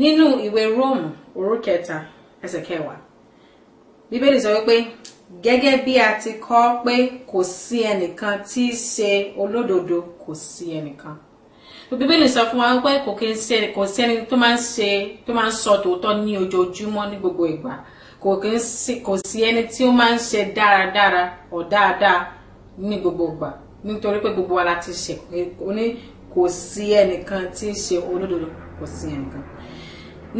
nínú ìwé róòmù orí kẹta ẹsẹ̀ kẹwàá bíbélì sọ wípé gẹ́gẹ́ bí a ti kọ pé kò sí ẹnìkan tí í ṣe olódodo kò sí ẹnìkan bíbélì sọ fún wa pé kò kí ń ṣe kò sí ẹni tó máa ń ṣe tó máa ń sọ tòótọ́ ní ojoojúmọ́ ní gbogbo ìgbà kò kí ń ṣe kò sí ẹni tí ó máa ń ṣe dáradára ọ̀ dáadáa ní gbogbo ìgbà nítorí pé gbogbo wa la ti ṣe kò ní kò sí ẹnìkan tí í ṣe olódodo kò sí ẹnìkan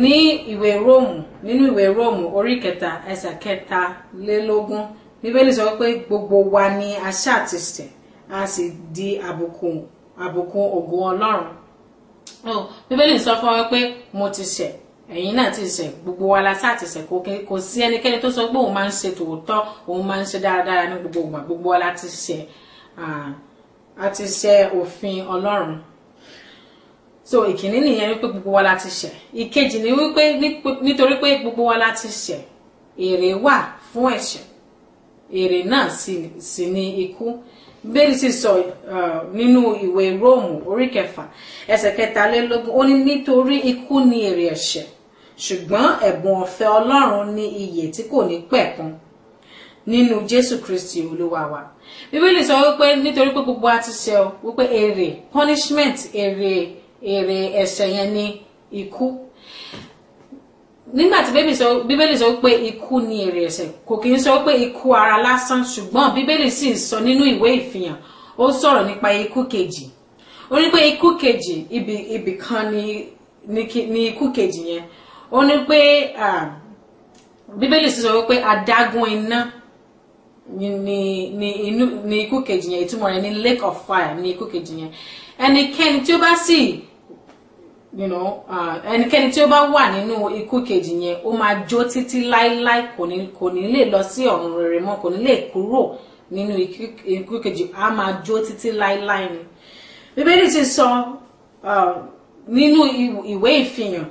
ní ìwé róòmù nínú ìwé róòmù orí kẹta ẹsẹ̀ kẹta lélógún bíbélì sọ pé gbogbo wa ni a ṣàtìsẹ̀ a sì di àbùkù àbùkù ògùn ọlọ́run bíbélì sọ fún wa pé mo ti ṣẹ̀ ẹ̀yin náà ti ṣẹ̀ gbogbo wa la ṣàtìsẹ̀ kò sí ẹnikẹ́ni tó sọ pé òun máa ń ṣe tòótọ́ òun máa ń ṣe dáradára ní gbogbo ìgbà gbogbo wa la ti ṣẹ̀ òfin ọlọ́run so ìkíní nìyẹn wípé gbogbo wa la ti ṣẹ̀ ìkejì ni wípé nítorí pé gbogbo wa la ti ṣẹ̀ èrè wà fún ẹ̀ṣẹ̀ èrè náà sì ni ikú bẹ́ẹ̀ni sì sọ nínú ìwé róòmù orí kẹfà ẹsẹ̀ kẹtàlélógún ó ní nítorí ikú ni èrè ẹ̀ṣẹ̀ ṣùgbọ́n ẹ̀bùn ọ̀fẹ́ ọlọ́run ní iyè tí kò ní pẹ̀kun nínú jésù kristi olúwa wa bíbélì sọ wípé nítorí pé gbogbo a ti ṣẹ̀ o wípé èrè punishment èrè èrè ẹ̀ṣẹ̀ yẹn ni ikú nígbà tí bíbélì sọ pé ikú ni èrè ẹ̀ṣẹ̀ kò kì í sọ pé ikú ara lásán ṣùgbọ́n bíbélì sì ń sọ nínú ìwé ìfihàn ó sọ̀rọ̀ nípa ikú kejì ó ní pé ikú kejì ibì kan ni ni ikú kejì yẹn ó ní pé bíbélì sì sọ pé adágún iná ni ni ni ikú kejì yẹn ìtumọ̀ rẹ̀ ni lake of fire ni ikú kejì yẹn ẹnikẹ́ni tí ó bá sì you know uh, ẹnikẹ́ni tí ó bá wà nínú ikú kejì yẹn ó máa jó títí láéláé kò ní kò ní lè lọ sí ọ̀run rere mọ́ kò ní lè kúrò nínú ikú kejì á máa jó títí láéláé ni bíbélì ti sọ uh, nínú ìwé ìfihàn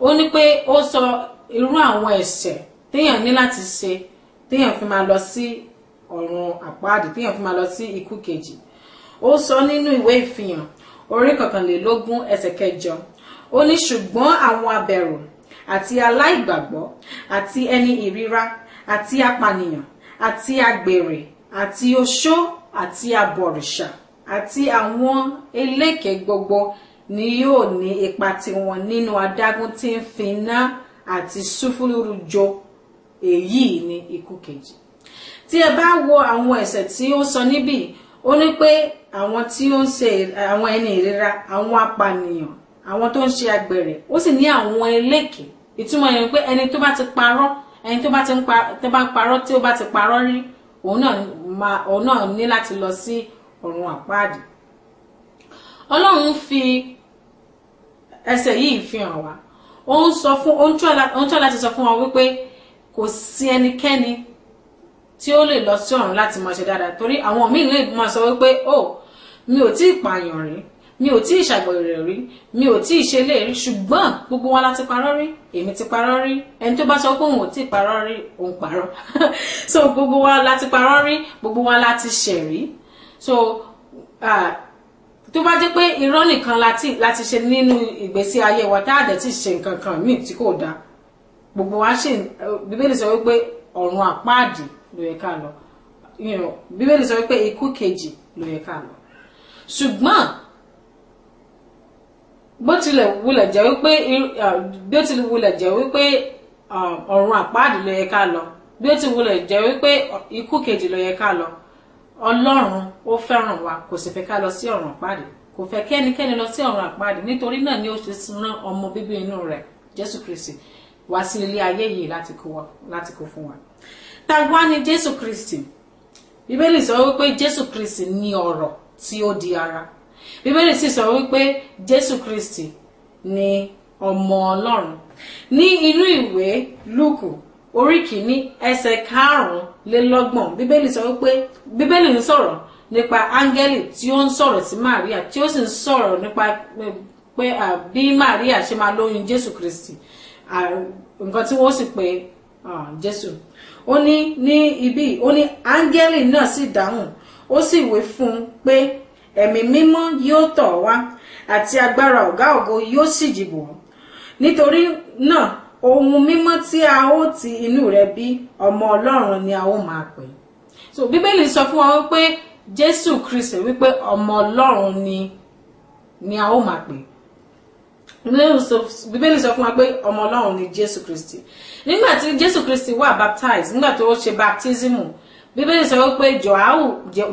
ó ní pé ó sọ irú àwọn ẹ̀ṣẹ̀ téèyàn ní láti ṣe téèyàn fi máa lọ sí ọ̀run àpáàdì téèyàn fi máa lọ sí ikú kejì ó sọ nínú ìwé ìfihàn orí kọkànlélógún ẹsẹ̀ kẹjọ ó ní ṣùgbọ́n àwọn abẹ̀rù àti aláìgbàgbọ́ àti ẹni ìríra àti apànìyàn àti agbèrè àti oṣó àti abọ̀rìṣà àti àwọn eléke gbogbo ni yóò ní ipa tiwọn nínú adágún tí ń fi iná àti sulfuru jó èyí ni ikú kejì tí ẹ bá wo àwọn ẹ̀ṣẹ̀ tí ó sọ níbí ó ní pé àwọn tí ó ń ṣe àwọn ẹni ìríra àwọn apànìyàn àwọn tó ń ṣe àgbèrè ó sì ní àwọn eléèké ìtumọ̀ yẹn pé ẹni tó bá ti parọ́ ẹni tó bá ti ń parọ́ tí ó bá ti parọ́ rí òun náà ní láti lọ sí ọ̀run àpáàdì ọlọ́run fi ẹsẹ̀ yìí fi hàn wá ó ń sọ fún ó ń tọ́ láti sọ fún wọn wípé kò sí ẹnikẹ́ni tí ó lè lọ sí ọ̀run láti máa ṣe dáadáa torí àwọn míì lè máa sọ wípé ó oh, mi ò tí ì pààyàn rí mi ò tí ì ṣàgbọ̀yọ̀ rẹ̀ rí mi ò tí ì ṣe lè rí ṣùgbọ́n gbogbo wa la ti parọ́ rí èmi ti parọ́ rí ẹni tó bá sọ pé òun ò tí ì parọ́ rí òun parọ́ so gbogbo wa la ti parọ́ rí gbogbo wa la ti ṣẹ̀ rí so uh, tó bá jẹ́ pé irọ́ nìkan la ti ṣe nínú ìgbésí ayé wa tá a dẹ̀ ti ṣe nǹkan kan míì tí kò dáa gbogbo wa ṣe bíbélì sọ wípé ọ̀run àpáàdì ló yẹ ká lọ bíbélì sọ wípé ikú kejì ló yẹ ká lọ ṣùgbọ́n bó tilẹ̀ wulẹ̀ jẹ́ wípé bí ó ti wulẹ̀ jẹ́ wípé ọ̀run àpáàdì ló yẹ ká lọ bí ó ti wulẹ̀ jẹ́ wípé ikú kejì ló yẹ ká lọ ọlọ́run ó fẹ́ràn wa kò sì fẹ́ ká lọ sí ọ̀run àpáàdì kò fẹ́ kẹ́nikẹ́ni lọ sí ọ̀run àpáàdì nítorí náà ni ó ṣe rán ọmọ bíbí inú rẹ̀ jésù kristi wá sí ilé ayé yìí láti kó fún wa. tagwa ni jésù kristi bíbélì sọ wípé jésù kristi ni ọ̀rọ̀ tí ó di ara bíbélì sì sọ wípé jésù kristi ni ọmọ ọlọ́run ní inú ìwé lúùkù orí kìíní ẹsẹ̀ karùnlélọ́gbọ̀n bíbélì sọ wípé bíbélì ń sọ̀rọ̀ nípa áńgẹ́lì tí ó ń sọ̀rọ̀ sí maria tí ó sì ń sọ̀rọ̀ nípa pé bí maria ṣe máa lóyún jésù kristi nǹkan tí wọ́n sì pè jésù ó ní ní ibí ó ní áńgẹ́lì náà sì dáhùn ó sì wé fún un pé ẹ̀mí mímọ́ yóò tọ̀ wá àti agbára ọ̀gá ògo yóò sì jìbò nítorí náà ohun mímọ́ tí a ó ti inú rẹ bí ọmọ ọlọ́run ni a ó máa pè so bíbélì sọ fún wa wípé jésù kristi wípé ọmọ ọlọ́run ni ni a ó máa pè bíbélì sọ fún wa pé ọmọ ọlọ́run ni jésù kristi nígbà tí jésù kristi wà baptized nígbà tó ṣe baptism bíbélì sọ wípé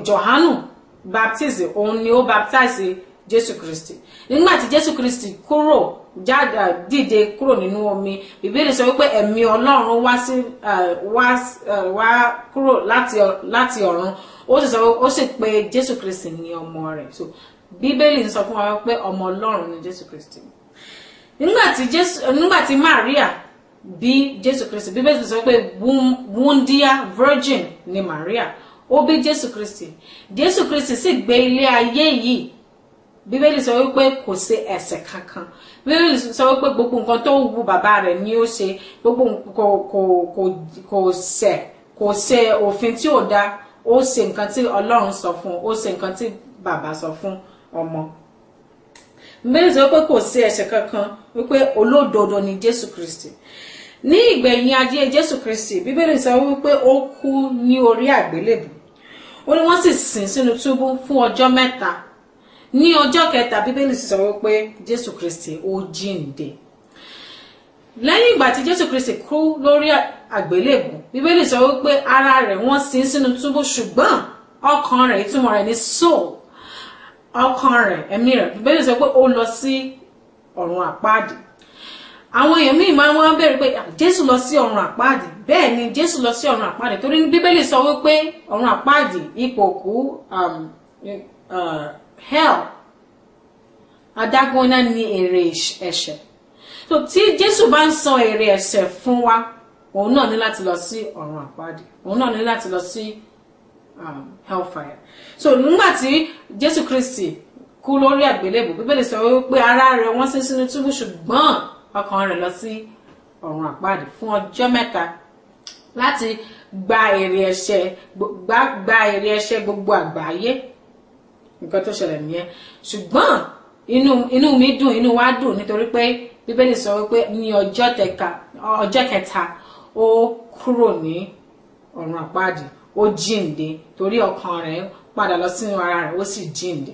jòhánù baptize òun ni ó baptize jésù Christi. nígbà tí jésù kristi kúrò jáde dìde kúrò nínú omi bíbélì sọ wípé ẹ̀mí ọlọ́run wá sí wá wá kúrò láti láti ọ̀run ó sì sọ ó sì pé jésù kristi ni ọmọ rẹ̀ so bíbélì ń sọ fún wa pé ọmọ ọlọ́run ni jésù kristi nígbà tí jésù maria bí jésù Christi bíbélì sọ pé wúndíá virgin ni maria ó bí jésù kristi jésù kristi sì gbé ilé ayé yìí bíbélì sọ wípé kò ṣe ẹ̀ṣẹ̀ kankan bíbélì sọ wípé gbogbo nǹkan tó wù bàbá rẹ̀ ni ó ṣe gbogbo kò kò kò kò ṣẹ̀ kò ṣe òfin tí ò dáa ó ṣe nǹkan tí ọlọ́run sọ fún ó ṣe nǹkan tí bàbá sọ fún ọmọ bíbélì sọ wípé kò ṣe ẹ̀ṣẹ̀ kankan wípé olódodo ni jésù kristi ní ìgbẹ̀yìn ayé jésù kristi bíbélì sọ wípé ó kú ní orí àgbélébùú ó ní wọ́n sì sìn sínú túbú fún ọjọ́ mẹ́ta ní ọjọ́ kẹta bíbélì sọ wípé jésù kristi ó jíǹde lẹ́yìn ìgbà tí jésù kristi kú lórí àgbélébùú bíbélì sọ wípé ara rẹ̀ wọ́n sin sínú túbú ṣùgbọ́n ọkàn rẹ̀ ìtumọ̀ rẹ̀ ní soul ọkàn rẹ̀ ẹ̀mí rẹ̀ bíbélì sọ pé ó lọ sí ọ̀run àpáàdì àwọn èèyàn míì máa ń wá bẹ̀rẹ̀ pé jésù lọ sí ọ̀run àpáàdì bẹ́ẹ̀ ni jésù lọ sí ọ̀run àpáàdì torí bíbélì sọ wípé ọ̀run àpáàdì ipò òkú um, uh, hell adágún ni èrè ẹ̀ṣẹ̀ so tí jésù bá ń san èrè ẹ̀ṣẹ̀ fún wa òun náà ní láti lọ sí ọ̀run àpáàdì òun náà ní láti lọ sí um, hellfire so nígbà tí jésù kristi kú lórí àgbélébùú bíbélì sọ wípé ara rẹ̀ wọ́n sin sínú túbú ṣùgbọ́n ọkàn rẹ̀ lọ sí ọ̀run àpáàdì fún ọjọ́ mẹ́ta láti gba èrè ẹ̀ṣẹ̀ gba èrè ẹ̀ṣẹ̀ gbogbo àgbáyé nǹkan tó ṣẹlẹ̀ nìyẹn ṣùgbọ́n inú inú mi dùn inú wa dùn nítorí pé bíbélì sọ wípé ní ọjọ́ tẹ̀ka ọjọ́ kẹta ó kúrò ní ọ̀run àpáàdì ó jíǹde torí ọkàn rẹ̀ padà lọ sínú ara rẹ̀ ó sì jíǹde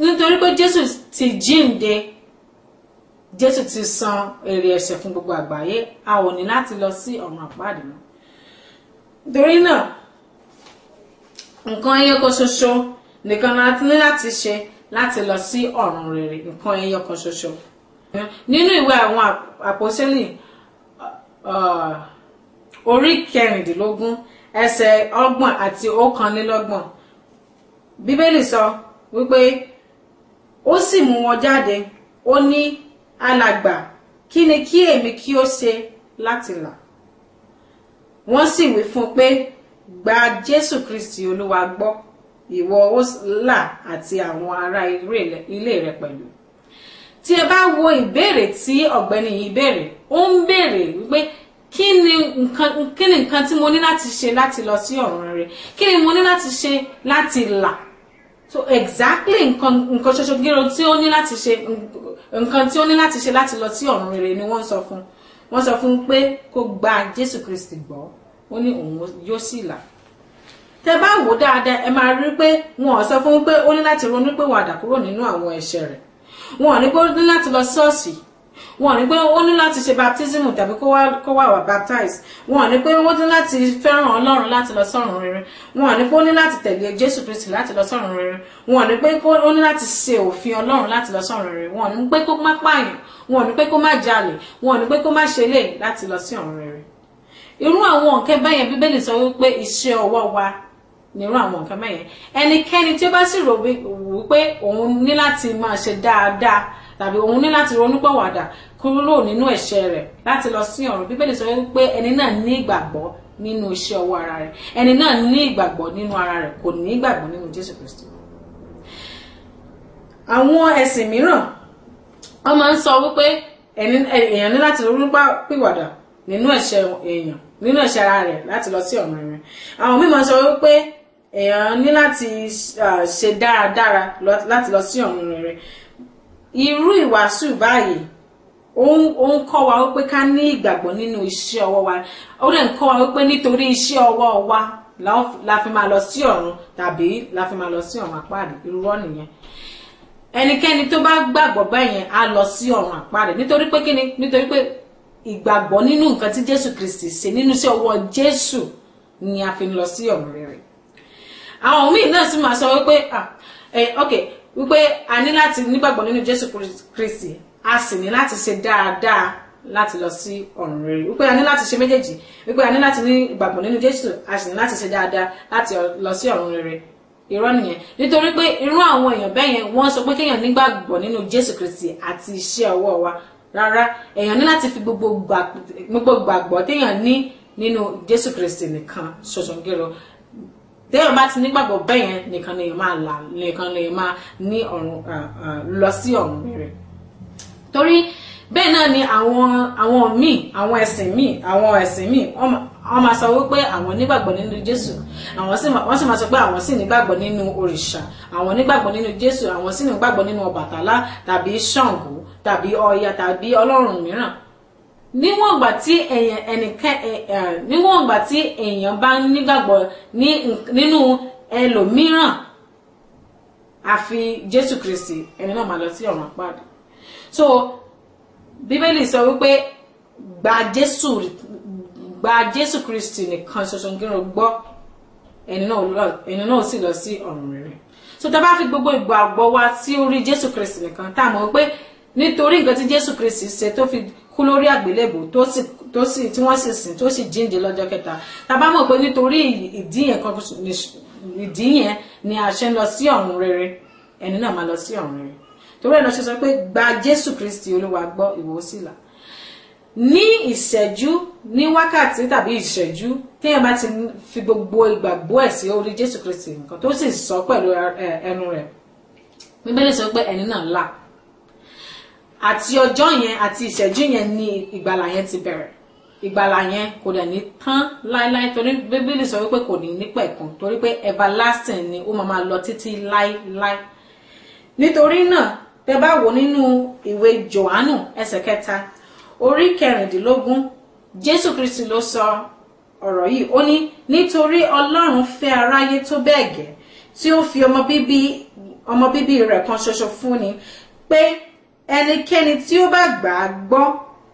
nítorí pé Jésù ti jíǹde jésù ti san èrè ẹ̀ṣẹ̀ fún gbogbo àgbáyé a ò ní láti lọ sí ọ̀run àpáàdé mọ́ nítorí náà nǹkan ẹyọ kan ṣoṣo nìkan láti ní láti ṣe láti lọ sí ọ̀run rere nǹkan ẹyọ kan ṣoṣo nínú ìwé àwọn àpòsílì uh, orí kẹrìndínlógún ẹsẹ̀ ọgbọ̀n àti ọ̀kanlélọ́gbọ̀n bíbélì sọ wípé ó sì mú wọn jáde ó ní alàgbà kí ni kí èmi kí ó ṣe láti là wọ́n sì wí fún un pé gba jésù kristi olúwa gbọ́ ìwọ ó là àti àwọn ará ilé rẹ pẹ̀lú tí ẹ bá wo ìbéèrè tí ọ̀gbẹ́ni yìí béèrè ó ń béèrè wípé kí ni nǹkan tí mo ní láti ṣe láti lọ sí ọ̀run rere kí ni mo ní láti ṣe láti là so exactly nǹkan nǹkan ṣoṣo gíro tí ó ní láti ṣe nǹkan tí ó ní láti ṣe láti lọ sí ọ̀run rere ni wọ́n sọ fún wọ́n sọ fún pé kó gba Jésù Kristi gbọ́ ó ní òun yóò sì là tẹ bá wò dáadáa ẹ máa rí pé wọn ò sọ fún pé ó ní láti ronú pé wàdà kúrò nínú àwọn ẹ̀ṣẹ̀ rẹ̀ wọn ò ní pé ó ní láti lọ ṣọ́ọ̀ṣì wọn ní pé ó ní láti ṣe baptism tàbí kó wà wà baptize wọn ní pé ó ní láti fẹ́ràn ọlọ́run láti lọ sọ́run rere wọn ní pé ó ní láti tẹ̀lé jésù kristi láti lọ sọ́run rere wọn ní pé ó ní láti ṣe òfin ọlọ́run láti lọ sọ́run rere wọn ní pé kó má pààyàn wọn ní pé kó má jalè wọn ní pé kó má ṣe lè láti lọ sí ọ̀run rere irú àwọn nǹkan báyẹn bíbélì sọ wípé iṣẹ́ ọwọ́ wa nírú àwọn nǹkan báyẹn ẹnikẹ́ni tí ó bá sì rò wípé òun ní láti máa ṣe dáadáa tàbí òun ní láti ronúpọ̀wàdà kúrò nínú ẹ̀ṣẹ̀ rẹ̀ láti lọ sí ọ̀run bíbélì sọ wípé ẹni náà ní ìgbàgbọ́ nínú iṣẹ́ ọwọ́ ara rẹ̀ ẹni náà ní ìgbàgbọ́ nínú ara rẹ̀ kò ní ìgbàgbọ́ nínú Jésù Kristi. àwọn ẹ̀sìn mìíràn wọ́n máa ń sọ wípé èèyàn ní láti ronúpọ̀wàdà nínú ẹ̀ṣẹ̀ èèyàn nínú ẹ̀ṣẹ̀ ara rẹ̀ láti lọ sí ọ̀nà rẹ̀ àwọn mímọ sọ wípé èèyàn ní láti ṣe dáradára láti lọ sí ọ̀nà rẹ̀ irú ìwàásù báyìí ó ń kọ́ wa wípé ká ní ìgbàgbọ́ nínú iṣẹ́ ọwọ́ wa ó dẹ̀ ń kọ́ wa wípé nítorí iṣẹ́ ọwọ́ wa la fi máa lọ sí ọ̀run tàbí la fi máa lọ sí ọ̀run àpáàdé irúwọ́ nìyẹn ẹnikẹ́ni tó bá gbàgbọ́ bẹ́yẹn á lọ sí ọ̀run àpáàdé nítorí pé kíni nítorí pé ìgbàgbọ́ nínú nǹkan tí Jésù Kristi ṣe nínú sí ọwọ́ Jésù ni a fi lọ sí ọ̀run rere àwọn míì náà sì máa sọ wípé ah eh, ok wípé a ní láti nígbàgbọ́ nínú Jésù Kristi a sì ní láti ṣe dáadáa láti lọ sí ọ̀run rere wípé a ní láti ṣe méjèèjì wípé a ní láti ní ìgbàgbọ́ nínú Jésù a sì ní láti ṣe dáadáa láti lọ sí ọ̀run rere irọ́ nìyẹn nítorí pé irú àwọn èèyàn bẹ́ẹ̀ yẹn wọ́n sọ pé kéèyàn nígbàgbọ́ nínú Jésù Kristi àti iṣẹ́ ọwọ́ wa rárá èèyàn ní láti fi gbogbo gbàgbọ́ téèyàn ní nínú Jésù Kristi nìkan ṣoṣo gẹ́rọ téèyàn bá ti nígbàgbọ́ bẹ́ẹ̀ yẹn nìkan lèèyàn máa là nìkan lèèyàn máa ní ọ̀run lọ sí ọ̀run rẹ̀ torí bẹ́ẹ̀ náà ni àwọn àwọn míì àwọn ẹ̀sìn míì àwọn ẹ̀sìn míì wọ́n máa sọ wípé àwọn nígbàgbọ́ nínú Jésù àwọn sì wọ́n sì máa sọ pé àwọn sì nígbàgbọ́ nínú òrìṣà àwọn nígbàgbọ́ nínú Jésù àwọn sì nígbàgbọ́ nínú Ọbàtálá tàbí Ṣàngó tàbí Ọya tàbí ọlọ́run mìíràn níwọ̀n ìgbà tí èèyàn ẹnìkan níwọ̀n ìgbà tí èèyàn bá nígbàgbọ́ nínú ẹlòmíràn àfi Jésù Kristi ẹni náà máa lọ sí ọ̀run àpáàdé so Bíbélì sọ wípé gba Jésù gba Jésù Kristi nìkan ṣoṣo kí n gbọ́ ẹni náà sì lọ sí ọ̀run rere so tá a bá fi gbogbo ìgbàgbọ́ wa sí orí Jésù Kristi nìkan tá a mọ̀ pé nítorí nǹkan tí Jésù Kristi ṣe tó fi kú lórí àgbélébò tó sì tó sì tí wọ́n sì sìn tó sì jíǹde lọ́jọ́ kẹta tá bá mọ̀ pé nítorí ìdí yẹn kan ìdí yẹn ni a ṣe ń lọ sí ọ̀run rere ẹni náà máa lọ sí ọ̀run rere torí ẹ̀ lọ́ ṣe sọ pé gba Jésù Kristi Olúwa gbọ́ ìwọ sì là ní ìṣẹ́jú ní wákàtí tàbí ìṣẹ́jú téèyàn bá ti fi gbogbo ìgbàgbọ́ ẹ̀ sí orí Jésù Kristi nǹkan tó sì sọ pẹ̀lú ẹnu rẹ̀ Bíbélì sọ pé ẹni náà là àti ọjọ́ yẹn àti ìṣẹ́jú yẹn ni ìgbàlà yẹn ti bẹ̀rẹ̀ ìgbàlà yẹn kò dẹ̀ ní tán láéláé torí bíbélì sọ wípé kò ní nípẹ̀kun torí pé everlasting ni ó máa máa lọ títí láéláé nítorí náà tẹ bá wò nínú ìwé Jòhánù ẹsẹ̀ kẹta orí kẹrìndínlógún Jésù Kristi ló sọ ọ̀rọ̀ yìí ó ní nítorí Ọlọ́run fẹ́ aráyé tó bẹ́ẹ̀ gẹ́ tí ó fi ọmọ bíbí ọmọ bíbí rẹ̀ kan ṣoṣo fún ni pé ẹnikẹ́ni tí ó bá gbà á gbọ́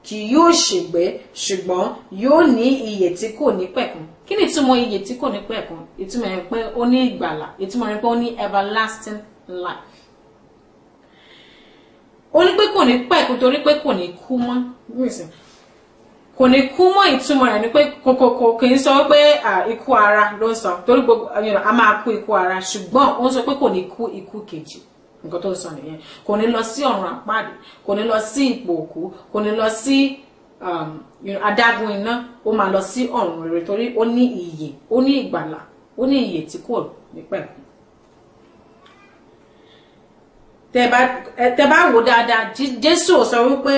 kì yóò ṣègbé ṣùgbọ́n yóò ní ìyè tí kò ní pẹ̀kun kí ni ìtumọ̀ ìyè tí kò ní pẹ̀kun ìtumọ̀ rẹ̀ pé ó ní ìgbàlà ìtumọ̀ rẹ̀ pé ó ní everlasting life ó ní pé kò ní pẹ̀kun torí pé kò ní kú mọ́ kò ní kú mọ́ ìtumọ̀ rẹ̀ ni pé kòkòkò kì í sọ pé ikú ara ló ń sọ torí gbogbo a máa kú ikú ara ṣùgbọ́n ó ń sọ pé kò ní kú ikú kejì nǹkan tó sọ nìyẹn kò ní lọ sí ọ̀run àpáàdé kò ní lọ sí ipò òkú kò ní lọ sí um, adágún iná ó máa lọ sí ọ̀run rere torí ó ní ìyè ó ní ìgbàlà ó ní ìyè tí kò ní pẹ̀kú. tẹ bá wò dáadáa jésù sọ wípé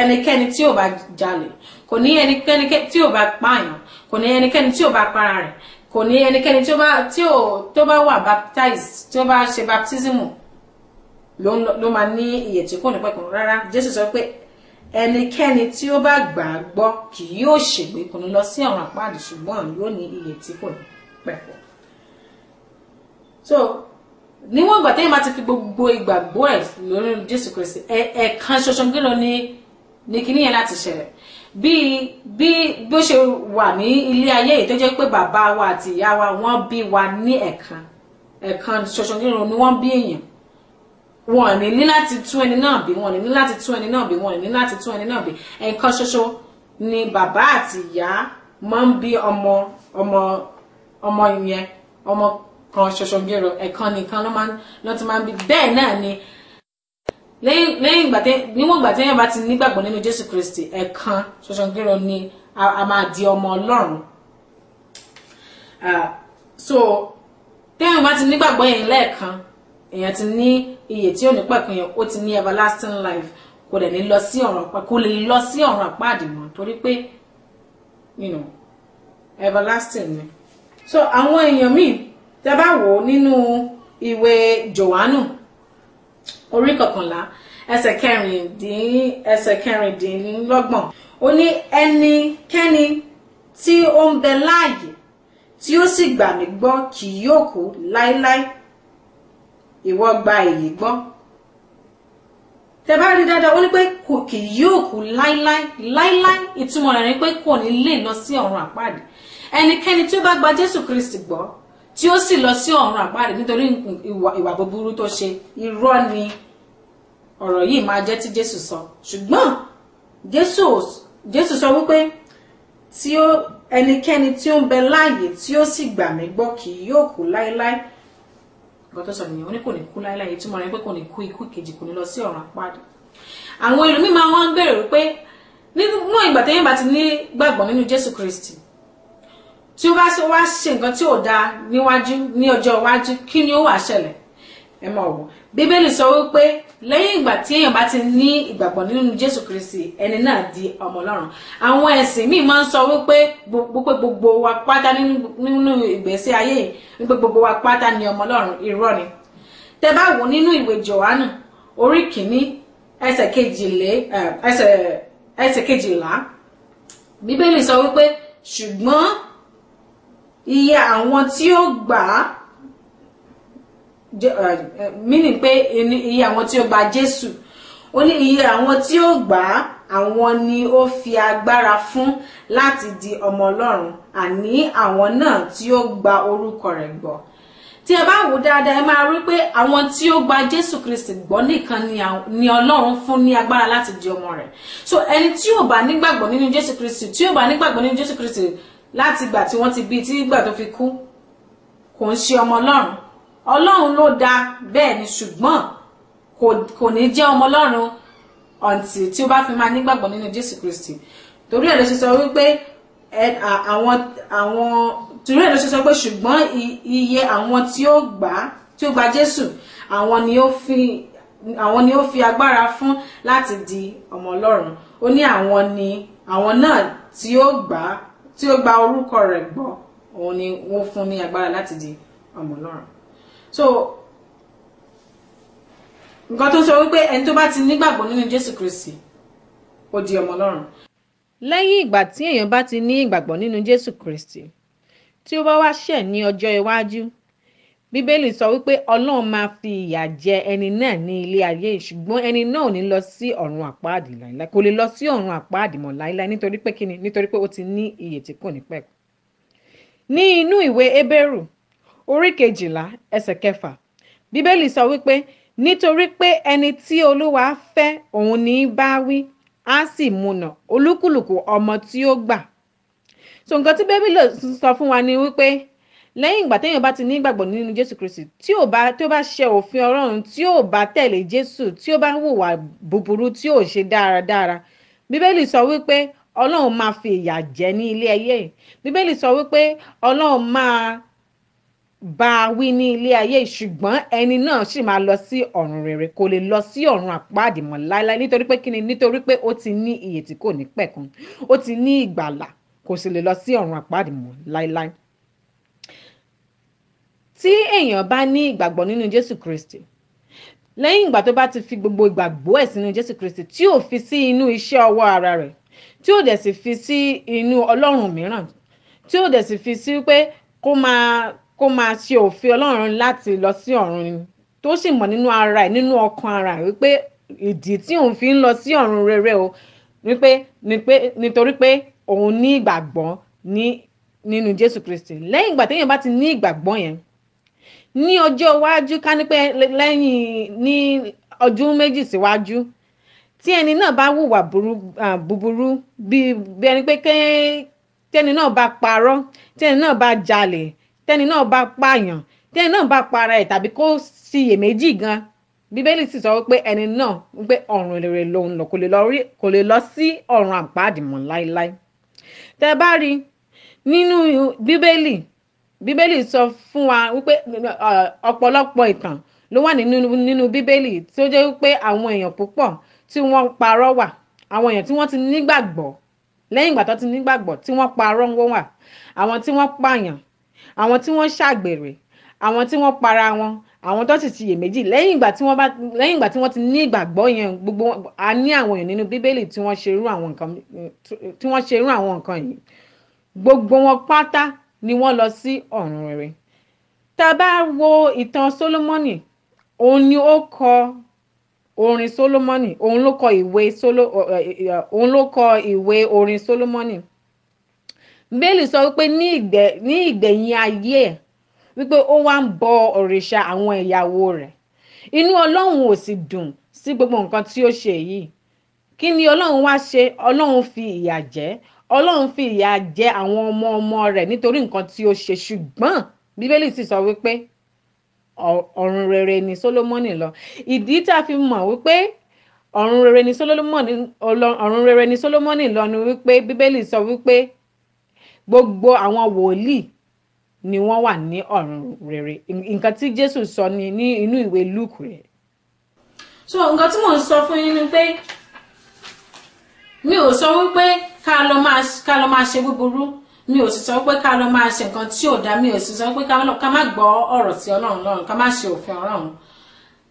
ẹnikẹ́ni tí ò bá jalè kò ní ẹnikẹ́ni tí ò bá pààyàn kò ní ẹnikẹ́ni tí ò bá para rẹ̀ kò ní ẹnikẹ́ni tí ó bá wà baptized tí ó bá ṣe baptismu ló máa ní ìyè tí kò ní pẹ̀kùn rárá jésù sọ pé ẹnikẹ́ni tí ó bá gbà á gbọ́ kì yóò ṣègbè kùnú lọ sí ọ̀run àpáàdì ṣùgbọ́n yóò ní ìyè tí kò ní pẹ̀kùn. so níwọ̀n ìgbà téèyàn bá ti fi gbogbo ìgbàgbọ́ ẹ̀ lórí jésù kristi ẹ̀ẹ̀kan ṣoṣo gílò ni ni kíní yẹn láti ṣẹlẹ̀ bí bí bí ó ṣe wà ní ilé ayé yìí tó jẹ́ pé bàbá wa àti ìyá wa wọ́n bí wa ní ẹ̀kan ẹ̀kan ṣoṣo gílò ni wọ́n bí èèyàn wọn ní ní láti tún ẹni náà bí wọn ní ní láti tún ẹni náà bí wọn ni ní láti tún ẹni náà bí ẹnìkan ṣoṣo ni bàbá àti ìyá máa ń bí ọmọ ọmọ ọmọ yẹn ọmọ kan ṣoṣo gẹ̀rọ ẹ̀kan nìkan ló ti máa ń bí bẹ́ẹ̀ náà ni lẹ́yìn ìgbà tẹ́ níwọ̀n ìgbà tẹ́yìn bá ti nígbàgbọ́ nínú Jésù Kristi ẹ̀kan ṣoṣo gẹ̀rọ ni a máa di ọmọ Ọlọ́run ah, so tẹ́yìn bá ti nígbàgbọ́ yẹn lẹ́ẹ̀kan èèyàn ti ní iye tí ò ní pẹ̀kun ó ti ní everlasting life kò dẹ̀ ní lọ sí ọ̀run kò lè lọ sí ọ̀run àpáàdì torí pé you know, everlasting ni so àwọn èèyàn míì tẹ́ bá wò ó nínú ìwé Jòhánù orí kọkànlá ẹsẹ̀ kẹrìndín ẹsẹ̀ kẹrìndínlọ́gbọ̀n ó ní ẹnikẹ́ni tí ó ń bẹ láàyè tí ó sì gbà mí gbọ́ kì yóò kú láéláé ìwọ gba èyí gbọ́ tẹ bá rí dáadáa ó ní pé kò kì yóò kú láíláí láíláí ìtumọ̀ rẹ̀ ni pé kò ní lè lọ sí ọ̀run àpáàdé ẹnikẹ́ni tí ó bá gba Jésù Kristi gbọ́ tí ó sì lọ sí ọ̀run àpáàdé nítorí ìwà búburú tó ṣe irọ́ ni ọ̀rọ̀ yìí máa jẹ́ tí Jésù sọ ṣùgbọ́n Jésù sọ wípé tí ó ẹnikẹ́ni tí ó ń bẹ láàyè tí ó sì gbà mí gbọ́ kì yóò kú láíláí nǹkan tó sọ nìyẹn ó ní kò ní kú láéláé ìtumọ̀ rẹ̀ pé kò ní kú ikú kejì kò ní lọ sí ọ̀run àpáàdé àwọn ẹlòmíì máa wọ́n ń bèrè pé nínú ìgbà téèyàn bá ti ní gbàgbọ́ nínú Jésù Kristi tí ó bá wá ṣe nǹkan tí ò dáa níwájú ní ọjọ́ iwájú kí ni ó wàá ṣẹlẹ̀ ẹ mọ̀ wò Bíbélì sọ wípé lẹ́yìn ìgbà tí èèyàn bá ti ní ìgbàgbọ́ nínú jésù kristi ẹni náà di ọmọ ọlọ́run àwọn ẹ̀sìn míì máa ń sọ wípé gbogbo wa pátá nínú ìgbésí ayé wípé gbogbo wa pátá ni ọmọ ọlọ́run irọ́ ni tẹ bá wò nínú ìwé johannu orí kìíní ẹsẹ̀ kejìlá bíbélì sọ wípé ṣùgbọ́n iye àwọn tí ó gbà á Eh, eh, meaning pé iye àwọn tí ó gba Jésù ó ní iye àwọn tí ó gbà á àwọn ni ó fi agbára fún láti di ọmọ Ọlọ́run àní àwọn náà tí ó gba orúkọ rẹ̀ gbọ́ tí ẹ bá wò dáadáa ẹ máa rí pé àwọn tí ó gba Jésù Kristi gbọ́ nìkan ni Ọlọ́run fún ní agbára láti di ọmọ rẹ̀ so ẹni tí ò bá nígbàgbọ́ nínú Jésù Kristi tí ò bá nígbàgbọ́ nínú Jésù Kristi láti ìgbà tí wọ́n ti bí tí ìgbà tó fi kú kò ń ṣe ọmọ Ọlọ́run ọlọ́run ló da bẹ́ẹ̀ ni ṣùgbọ́n kò ní jẹ́ ọmọ ọlọ́run ọ̀ǹtì tí ó bá fi máa nígbàgbọ́ nínú jésù kristi torí ẹ̀ ló ṣe sọ wípé àwọn àwọn torí ẹ̀ ló ṣe sọ pé ṣùgbọ́n iye àwọn tí ó gbà tí ó gba jésù àwọn ni ó fi àwọn ni ó fi agbára fún láti di ọmọ ọlọ́run ó ní àwọn ni àwọn náà tí ó gbà tí ó gba orúkọ rẹ̀ gbọ́ òun ni wọ́n fún ní agbára láti di ọmọ ọlọ́run so nǹkan tó sọ wípé ẹni tó bá ti nígbàgbọ́ nínú Jésù Kristi ó di ọmọ Ọlọ́run. lẹ́yìn ìgbà tí èèyàn bá ti ní ìgbàgbọ́ nínú Jésù Kristi tí ó bá wá ṣẹ̀ ní ọjọ́ iwájú bíbélì sọ wípé Ọlọ́run máa fi ìyà jẹ ẹni náà ní ilé ayé ṣùgbọ́n ẹni náà ò ní lọ sí ọ̀run àpáàdì láíláí kò lè lọ sí ọ̀run àpáàdì mọ́ láíláí nítorí pé kíni nítorí pé ó ti ní ìyè tí kò ní pẹ̀kú. ní inú ìwé Hébérù orí kejìlá ẹsẹ̀ kẹfà bíbélì sọ wípé nítorí pé ẹni tí olúwa fẹ́ òun ní bá wí á sì múnà olúkúlùkù ọmọ tí ó gbà so nǹkan tí bíbélì sọ fún wa ni wípé lẹ́yìn ìgbà téèyàn bá ti ní ìgbàgbọ́ nínú jésù kristi tí ó bá tí ó bá ṣe òfin ọlọ́run tí ó bá tẹ̀lé jésù tí ó bá hùwà búburú tí ó ṣe dáradára bíbélì sọ wípé ọlọ́run máa fi ìyà jẹ ní ilé ayé bíbélì sọ wípé ọlọ́run máa bá a wí ní ilé ayé ṣùgbọ́n ẹni náà sì máa lọ sí ọ̀run rere kò lè lọ sí ọ̀run àpáàdìmọ̀ láéláé nítorí pé kíni nítorí pé ó ti ní ìyè tí kò ní pẹ̀kun ó ti ní ìgbàlà kò sì lè lọ sí ọ̀run àpáàdìmọ̀ láéláé. tí èèyàn bá ní ìgbàgbọ́ nínú Jésù Kristi lẹ́yìn ìgbà tó bá ti fi gbogbo ìgbàgbọ́ ẹ̀ sínú Jésù Kristi tí ò fi sí inú iṣẹ́ ọwọ́ ara rẹ̀ tí ò dẹ̀ sì fi sí inú ọlọ́run mìíràn tí ò dẹ̀ sì fi sí pé kó máa kó máa ṣe òfin ọlọ́run láti lọ sí ọ̀run ni tó sì mọ̀ nínú ara ẹ̀ nínú ọkàn ara ẹ̀ wípé ìdí tí òun fi ń lọ sí ọ̀run rere o wípé nítorí pé òun ní ìgbàgbọ́ ní nínú Jésù Kristi lẹ́yìn ìgbà téèyàn bá ti ní ìgbàgbọ́ yẹn ní ọjọ́ iwájú ká ní pé lẹ́yìn ní ọdún méjì síwájú tí ẹni náà bá hùwà búburú bí ẹni pé tẹ́ni náà bá parọ́ tẹ́ni náà bá jalè tẹ́ni náà bá pààyàn tẹ́ni náà bá para ẹ̀ tàbí kó ṣiyèméjì gan bíbélì sì sọ wípé ẹni náà wípé ọ̀run rere lòun lọ kò lè lọ sí ọ̀run àpáàdìmọ̀ láéláé tẹ bá rí nínú bíbélì bíbélì sọ fún wa wípé ọ̀pọ̀lọpọ̀ ìtàn ló wà nínú bíbélì tí ó jẹ́ wípé àwọn èèyàn púpọ̀ tí wọ́n parọ́ wà àwọn èèyàn tí wọ́n ti nígbàgbọ́ lẹ́yìn ìgbà tó ti nígbàgbọ́ tí wọ́n parọ́ wọ́n wà àwọn tí wọ́n pààyàn àwọn tí wọ́n ṣàgbèrè àwọn tí wọ́n para wọn àwọn tó sì ti yèméjì lẹ́yìn ìgbà tí wọ́n bá lẹ́yìn ìgbà tí wọ́n ti ní ìgbàgbọ́ yẹn gbogbo a ní àwọn èèyàn nínú bíbélì tí wọ́n ṣe irú àwọn nǹkan tí wọ́n ṣe irú àwọn nǹkan yìí gbogbo wọn pátá ni wọ́n lọ sí ọ̀run rere tá a bá wo ìtàn Sólómọ́nì òun ni ó kọ orin Sólómọ́nì òun ló kọ ìwé òun ló kọ orin Sólómọ́nì Bẹ́lì sọ wípé ní ìgbẹ̀yìn ayé ẹ̀ wípé ó wá ń bọ òrìṣà àwọn ìyàwó rẹ̀ inú ọlọ́run ò sì dùn sí gbogbo nǹkan tí ó ṣe yìí kí ni ọlọ́run wá ṣe ọlọ́run fi ìyà jẹ ọlọ́run fi ìyà jẹ àwọn ọmọ ọmọ rẹ̀ nítorí nǹkan tí ó ṣe ṣùgbọ́n bíbélì sì sọ wípé ọ̀run rere ni Sólómọ́nì lọ ìdí tá a fi mọ̀ wípé ọ̀run rere ni Sólómọ́nì lọ ni wípé bíbélì sọ wípé gbogbo àwọn wòlíì ni wọ́n wà ní ọ̀run rere nǹkan tí Jésù sọ ni ní inú ìwé Luke rẹ̀. so nǹkan tí mò ń sọ fún yín ni pé mi ò sọ wípé ká lọ máa ká lọ máa ṣe búburú mi ò sì sọ pé ká lọ máa ṣe nǹkan tí ò dá mi ò sì sọ pé ká má gbọ́ ọ̀rọ̀ sí Ọlọ́run lọ́rùn ká má ṣe òfin Ọlọ́run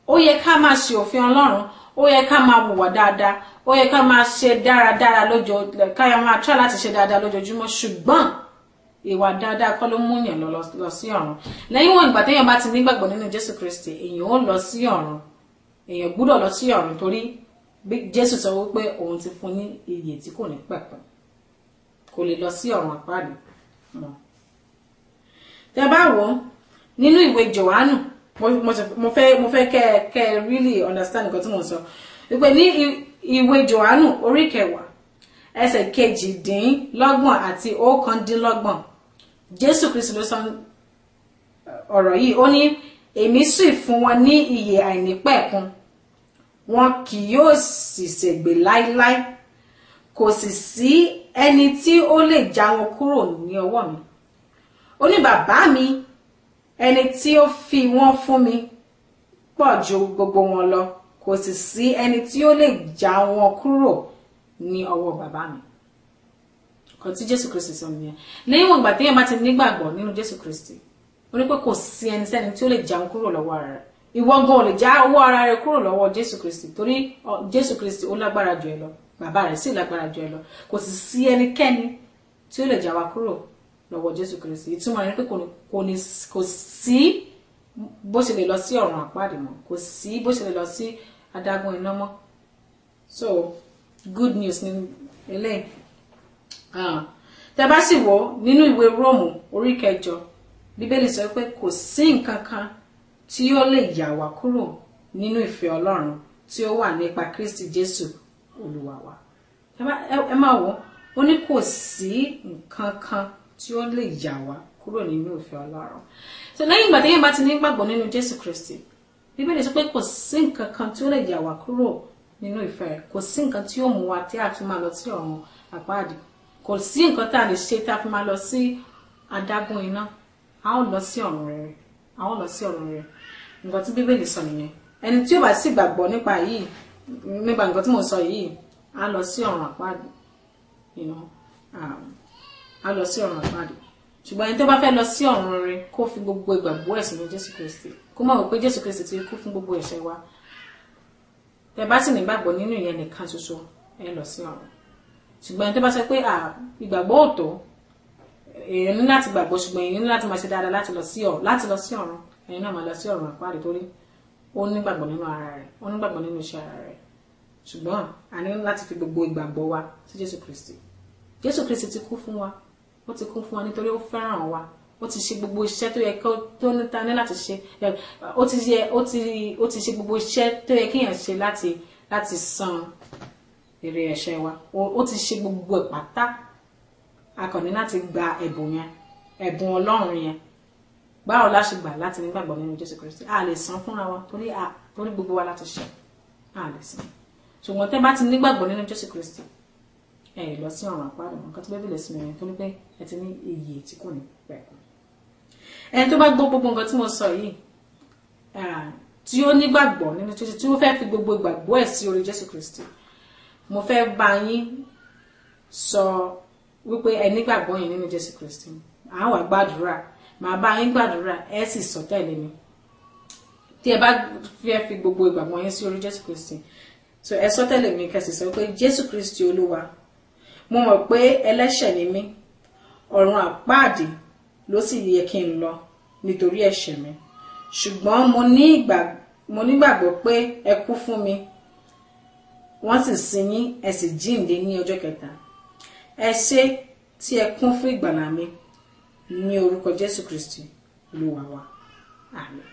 ó yẹ ká má ṣe òfin Ọlọ́run ó yẹ ká máa hùwà dáadáa ó yẹ ká máa ṣe dáradára lójó ká yẹ máa try láti ṣe dáadáa lójoojúmọ́ ṣùgbọ́n ìwà dáadáa kọ́ ló mú yàn lọ sí ọ̀run lẹ́yìn wọn ìgbà téèyàn bá ti nígbàgbọ́ nínú Jésù Kristi èèyàn ó lọ sí ọ̀run èèyàn gbúdọ̀ lọ sí ọ̀run torí Jésù sọ wípé òun ti fún ní iyè tí kò ní pẹ̀pẹ̀ kò lè lọ sí ọ̀run àpáàdé tẹ bá wò ó nínú ìwé Jòhánù mo fẹ́ mo fẹ́ kẹ́ kẹ́ really understand nǹkan tí mo sọ wípé ní ìwé johannu orí kẹwàá ẹsẹ̀ kejìdínlọ́gbọ̀n àti ọ̀kàndínlọ́gbọ̀n jésù kristu ló sọ ọ̀rọ̀ yìí ó ní èmi sì fún wọn ní ìyè àìnípẹ̀kun wọn kì yóò sì ṣègbè láíláí kò sì sí ẹni tí ó lè já wọn kúrò ní ọwọ́ mi ó ní bàbá mi ẹni tí ó fi wọ́n fún mi pọ̀ ju gbogbo wọn lọ kò sì sí ẹni tí ó lè já wọn kúrò ní ọwọ́ bàbá mi kan tí jésù kristi sọ nìyẹn lẹ́yìn wọn ìgbà téèyàn bá ti nígbàgbọ́ nínú jésù kristi ó ní pé kò sí ẹni sẹ́ni tí ó lè jáun kúrò lọ́wọ́ ara rẹ̀ ìwọ gan ò lè já owó ara rẹ̀ kúrò lọ́wọ́ jésù kristi torí jésù kristi ó lágbára jù ẹ́ lọ bàbá rẹ̀ sì lágbára jù ẹ́ lọ kò sì sí ẹnikẹ́ni tí ó lè já wa kúrò lọ́wọ́ jésù kristi ìtumọ̀ rẹ̀ pé kò ní kò sí bó ṣe lè lọ sí ọ̀run àpáàdé mọ́ kò sí bó ṣe lè lọ sí adágún iná mọ́ so good news ni eléyìí ah, tẹ bá sì wò nínú ìwé róòmù orí kẹjọ bíbélì sọ pé kò sí nǹkan kan tí ó lè yà wá kúrò nínú ìfẹ́ ọlọ́run tí ó wà nípa kristi jésù olúwa ẹ máa wò ó ní kò sí nǹkan kan tí ó lè yà wá kúrò nínú òfin ọlọ́run so lẹ́yìn ìgbà téèyàn bá ti ní gbàgbọ́ nínú jésù kristi bíbélì sọ pé kò sí nǹkan kan tí ó lè yà wá kúrò nínú ìfẹ́ rẹ̀ kò sí nǹkan tí ó mú wa tí a fi máa lọ sí ọ̀run àpáàdì kò sí nǹkan tá a lè ṣe tá a fi máa lọ sí adágún iná a ó lọ sí ọ̀run rere a ó lọ sí ọ̀run rere nǹkan tí bíbélì sọ nìyẹn ẹni tí ó bá sì gbàgbọ́ nípa yìí nípa nǹkan tí mo sọ yìí a lọ sí ọ̀run àpáàdì you know um, á lọ sí ọ̀run àpáàdé ṣùgbọ́n ẹni tó bá fẹ́ lọ sí ọ̀run rẹ kó fi gbogbo ìgbàgbọ́ ẹ̀sìn ní jésù kristi kó mọ̀ wípé jésù kristi ti kú fún gbogbo ẹ̀ṣẹ̀ wa tẹ bá sì ní ìgbàgbọ́ nínú ìyẹn nìkan ṣoṣo ẹ lọ sí ọ̀run ṣùgbọ́n ẹni tó bá sọ pé ìgbàgbọ́ òtó èèyàn ní láti gbàgbọ́ ṣùgbọ́n èèyàn ní láti máa ṣe dáadáa láti lọ sí ọ̀run láti lọ sí ọ̀run ẹni náà máa lọ sí ọ̀run àpáàdé torí ó nígbàgbọ́ nínú ara rẹ̀ ó nígbàgbọ́ nínú iṣẹ́ ara rẹ̀ ṣùgbọ́n a ní láti fi gbogbo ìgbàgbọ́ wa sí jésù kristi jésù kristi ti kú fún wa ó ti kún fún wa nítorí ó fẹ́ràn wa ó ti ṣe gbogbo iṣẹ́ tó yẹ tó ní ta ní láti ṣe ó ti yẹ ó ti ó ti ṣe gbogbo iṣẹ́ tó yẹ kéèyàn ṣe láti láti san èrè ẹ̀ṣẹ̀ wa ó ti ṣe gbogbo ẹ̀ pátá a kàn ní láti gba ẹ̀bùn yẹn ẹ̀bùn ọlọ́run yẹn báwo la ṣe gbà láti nígbàgbọ́ nínú Jésù Kristi a lè san fúnra wa torí a torí gbogbo wa láti ṣe a lè san ṣùgbọ́n tẹ́ bá ti nígbàgbọ́ nínú Jésù Kristi ẹ lọ sí ọ̀ràn àpáàdà wọn kátó bẹ́ẹ̀ bẹ̀rẹ̀ sí mẹ́rin tó ní pé ẹ ti ní iyì tí kò ní pẹ̀kú. ẹni tó bá gbọ́ gbogbo nǹkan tí mo sọ yìí tí ó nígbàgbọ́ nínú títí tí ó fẹ́ fi gbogbo ìgbàgbọ́ ẹ̀ sí orí Jésù Kristi mo fẹ́ bá yín sọ wípé ẹ nígbàgbọ́ yín nínú Jésù Kristi àwọn wà gbàdúrà màá bá yín gbàdúrà ẹ sì sọ tẹ̀lé mi tí ẹ bá fẹ́ fi gbogbo ìgbàgbọ́ yín sí orí Jésù Kristi so ẹ sọ tẹ̀lé mi kẹsì sọ pé Jésù Kristi Olúwa mo mọ̀ pé ẹlẹ́ṣẹ̀ ni mí ọ̀run àpáàdì ló sì yẹ kí n lọ nítorí ẹ̀ṣẹ̀ mi ṣùgbọ́n mo nígbàgbọ́ pé ẹ kú fún mi wọ́n sì sin yín ẹ sì jíǹde ní ọjọ́ kẹta ẹ ṣe tí ẹ kún fún ìgbàlà mi ní orúkọ Jésù Kristi olúwa wa àmín.